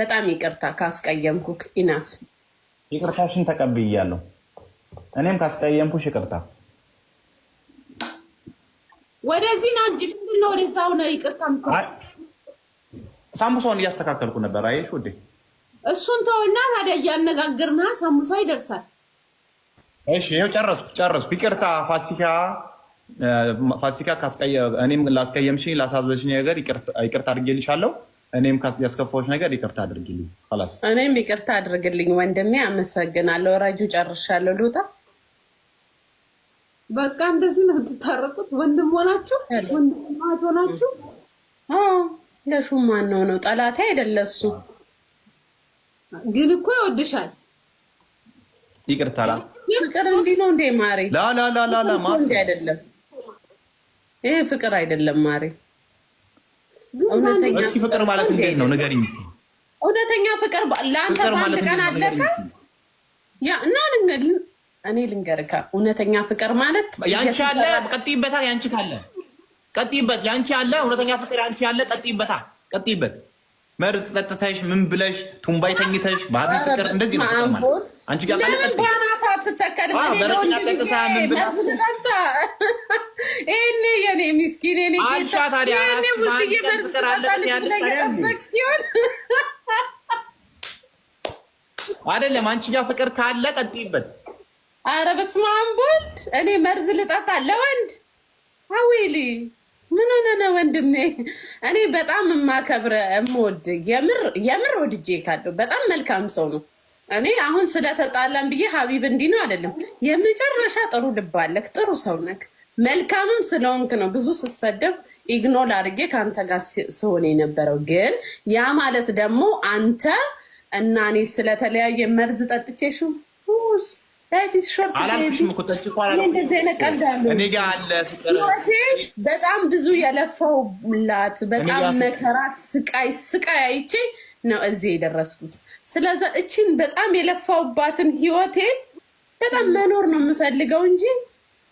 በጣም ይቅርታ ካስቀየምኩክ። ኢናፍ ይቅርታሽን ተቀብያለሁ። እኔም ካስቀየምኩሽ ይቅርታ። ወደዚህ ና እንጂ ምንድን ነው ወደዛ ሆነ ይቅርታ። ሳምቡሳውን እያስተካከልኩ ነበር። አየሽ ውዴ፣ እሱን ተውና ታዲያ እያነጋግርና ሳምቡሳ ይደርሳል። እሺ ይኸው ጨረስኩ ጨረስኩ። ይቅርታ ፋሲካ ፋሲካ፣ እኔም ላስቀየምሽኝ ላሳዘሽኝ ነገር ይቅርታ አድርጌልሻለሁ። እኔም ያስከፋዎች ነገር ይቅርታ አድርግልኝ። ላስ እኔም ይቅርታ አድርግልኝ ወንድሜ፣ አመሰግናለሁ። ረጁ ጨርሻለሁ፣ ልውጣ። በቃ እንደዚህ ነው ትታረቁት። ወንድም ሆናችሁ ወንድማት ሆናችሁ ለሹም ማነው ነው ጠላቴ አይደለ እሱ። ግን እኮ ይወድሻል። ይቅርታ ላ ፍቅር እንዲህ ነው እንዴ ማሬ? ላላላላላ እንዲህ አይደለም። ይሄ ፍቅር አይደለም ማሬ እስኪ ፍቅር ማለት እንዴት ነው ንገሪኝ እስኪ። እውነተኛ ፍቅር ለአንተ በአንድ ቀን አለካ? ያ እና እኔ ልንገርካ፣ እውነተኛ ፍቅር ማለት ያንቺ አለ ቀጥይበታ፣ ያንቺ ካለ ቀጥይበት፣ ያንቺ አለ እውነተኛ ፍቅር ያንቺ አለ ቀጥይበታ፣ ቀጥይበት። መርዝ ጠጥተሽ ምን ብለሽ ቱንባይ ተኝተሽ ባህል ፍቅር እንደዚህ ነው ማለት አንቺ ጋር ካለ ቀጥይ። ለምን ባናታ አትተከልም? እኔ ለወንድ ብዬ መርዝ ልጠጣ ብቻ ታዲያ አይደለም። አንቺ ጋር ፍቅር ካለ ቀጥይበት። አረ በስመ አብ ወልድ። እኔ መርዝ ልጠጣ ለወንድ አዊሊ ምን ሆነ ነው ወንድሜ? እኔ በጣም የማከብረ የምወድ የምር የምር ወድጄ ካለው በጣም መልካም ሰው ነው። እኔ አሁን ስለተጣላን ብዬ ሀቢብ እንዲህ ነው አይደለም። የመጨረሻ ጥሩ ልብ አለክ፣ ጥሩ ሰው ነክ መልካምም ስለሆንክ ነው ብዙ ስሰደብ ኢግኖል አድርጌ ከአንተ ጋር ስሆን የነበረው። ግን ያ ማለት ደግሞ አንተ እና እኔ ስለተለያየ መርዝ ጠጥቼሽ በጣም ብዙ የለፋውላት በጣም መከራት፣ ስቃይ ስቃይ አይቼ ነው እዚህ የደረስኩት። ስለዛ እቺን በጣም የለፋውባትን ህይወቴን በጣም መኖር ነው የምፈልገው እንጂ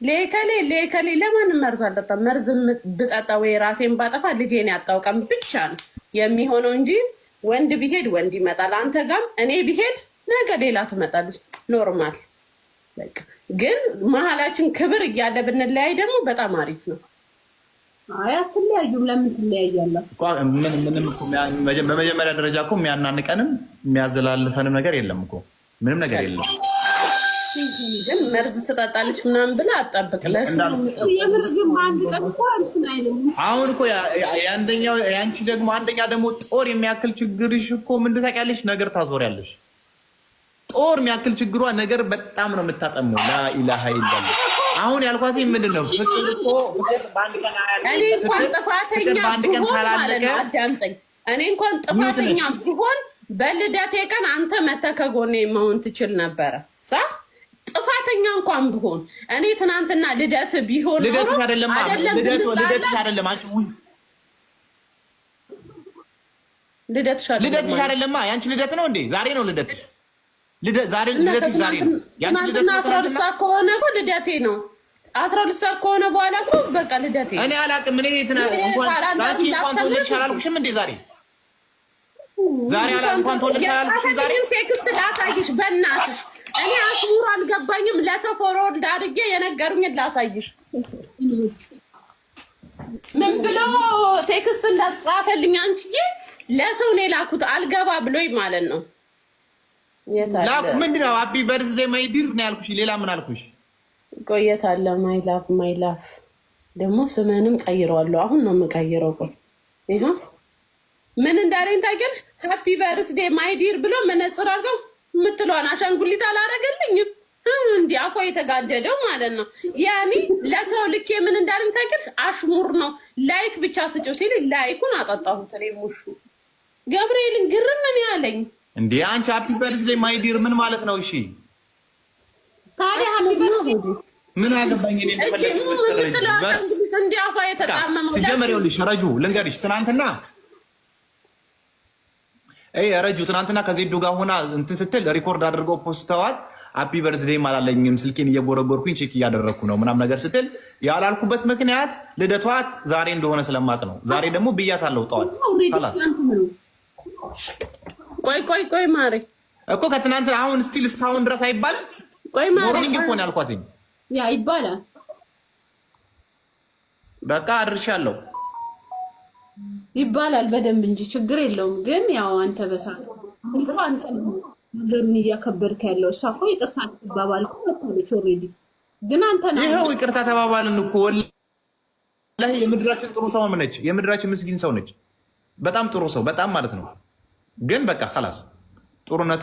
ሌከሌ ሌከሌ ለማንም መርዝ አልጠጣም። መርዝ ብጠጣ ወይ ራሴን ባጠፋ ልጄን ያጣውቀም ብቻ ነው የሚሆነው እንጂ ወንድ ቢሄድ ወንድ ይመጣል። አንተ ጋም እኔ ቢሄድ ነገ ሌላ ትመጣለች። ኖርማል ግን መሀላችን ክብር እያለ ብንለያይ ደግሞ በጣም አሪፍ ነው። አይ አትለያዩም። ለምን ትለያያላችሁ? ምንም በመጀመሪያ ደረጃ እኮ የሚያናንቀንም የሚያዘላልፈንም ነገር የለም እኮ ምንም ነገር የለም። ግን መርዝ ትጠጣለች ምናምን ብላ አጠብቅ አሁን እኮ የአንደኛው የአንቺ ደግሞ አንደኛ ደግሞ ጦር የሚያክል ችግርሽ እኮ ምንድን ታውቂያለሽ? ነገር ታዞሪያለሽ። ጦር የሚያክል ችግሯ ነገር በጣም ነው የምታጠመው። ላኢላሀ ኢላላ አሁን ያልኳት ምንድን ነው ፍቅር እኮ ቀን እኔ እንኳን ጥፋተኛ ብሆን ማለት ነው አዳምጠኝ። እኔ እንኳን ጥፋተኛ ብሆን በልደቴ ቀን አንተ መተህ ከጎኔ መሆን ትችል ነበረ ሳ ጓደኛ እንኳን ብሆን እኔ ትናንትና ልደት ቢሆን ልደትሽ አይደለም ልደትሽ አይደለም አንቺ አይደለማ ያንቺ ልደት ነው እንዴ? ዛሬ ነው ልደት ዛሬ ልደትሽ ዛሬ ትናንትና አስራ ሁለት ሰዓት ከሆነ እኮ ልደቴ ነው። አስራ ሁለት ሰዓት ከሆነ በኋላ እኮ በቃ ልደቴ እኔ አላውቅም። እኔ አላልኩሽም እንዴ? ዛሬ ዛሬ እንኳን ቴክስት ላሳይሽ በእናትሽ እኔ አሽሙሩ አልገባኝም። ለሰው ፎርወርድ አድርጌ የነገሩኝን ላሳይሽ። ምን ብሎ ቴክስት እንዳትጻፈልኝ አንቺዬ፣ ለሰው ነው የላኩት። አልገባ ብሎኝ ማለት ነው። ላኩ ምንድን ነው አቢ በርዝዴ ማይ ዲር ነው ያልኩሽ። ሌላ ምን አልኩሽ? ቆየት አለ ማይ ላፍ ማይ ላፍ። ደግሞ ስመንም ቀይረዋለሁ። አሁን ነው የምቀይረው። ቆይ ይኸው ምን እንዳለኝ ታውቂያለሽ? ሀፒ በርስዴ ማይ ዲር ብሎ መነጽር አድርገው ምትሏን አሻንጉሊት አላረገልኝም። እንዲህ አኮ የተጋደደው ማለት ነው። ያኔ ለሰው ልክ የምን እንዳለም ታውቂያለሽ? አሽሙር ነው ላይክ ብቻ ስጭው ሲል ላይኩን አጠጣሁት። እኔ ሙሹ ገብርኤልን ግርም ምን ያለኝ እንዲህ አንቺ ሀፒ በርዝዴ ማይዲር ምን ማለት ነው? እሺ ታዲያ ሃፒ በርዝዴ ምን አገባኝ እኔ እንደፈለኩ እንዲ አፏ የተጣመመው ሲጀመር ይኸውልሽ ረጁ ልንገርሽ ትናንትና ረጁ ትናንትና ከዜዶ ጋር ሆና እንትን ስትል ሪኮርድ አድርገው ፖስተዋል። አፒ በርዝዴም አላለኝም ስልኬን እየጎረጎርኩኝ ቼክ እያደረግኩ ነው ምናም ነገር ስትል ያላልኩበት ምክንያት ልደቷት ዛሬ እንደሆነ ስለማቅ ነው። ዛሬ ደግሞ ብያት አለው ጠዋት። ቆይ ቆይ ቆይ ማሬ እኮ ከትናንት አሁን ስቲል እስካሁን ድረስ አይባልም። ቆይ ማሬ ሞርኒንግ እኮ ነው ያልኳትኝ። ያ ይባላል። በቃ አድርሻለሁ ይባላል በደንብ እንጂ ችግር የለውም። ግን ያው አንተ በሳ አንተ ነገሩን እያከበድክ ያለው እሷ እኮ ይቅርታ ተባባል መታለች። ኦልሬዲ ግን አንተ ይኸው ይቅርታ ተባባልን እኮ ወላሂ። የምድራችን ጥሩ ሰው ነች፣ የምድራችን ምስጊን ሰው ነች። በጣም ጥሩ ሰው በጣም ማለት ነው። ግን በቃ ከላስ ጥሩነት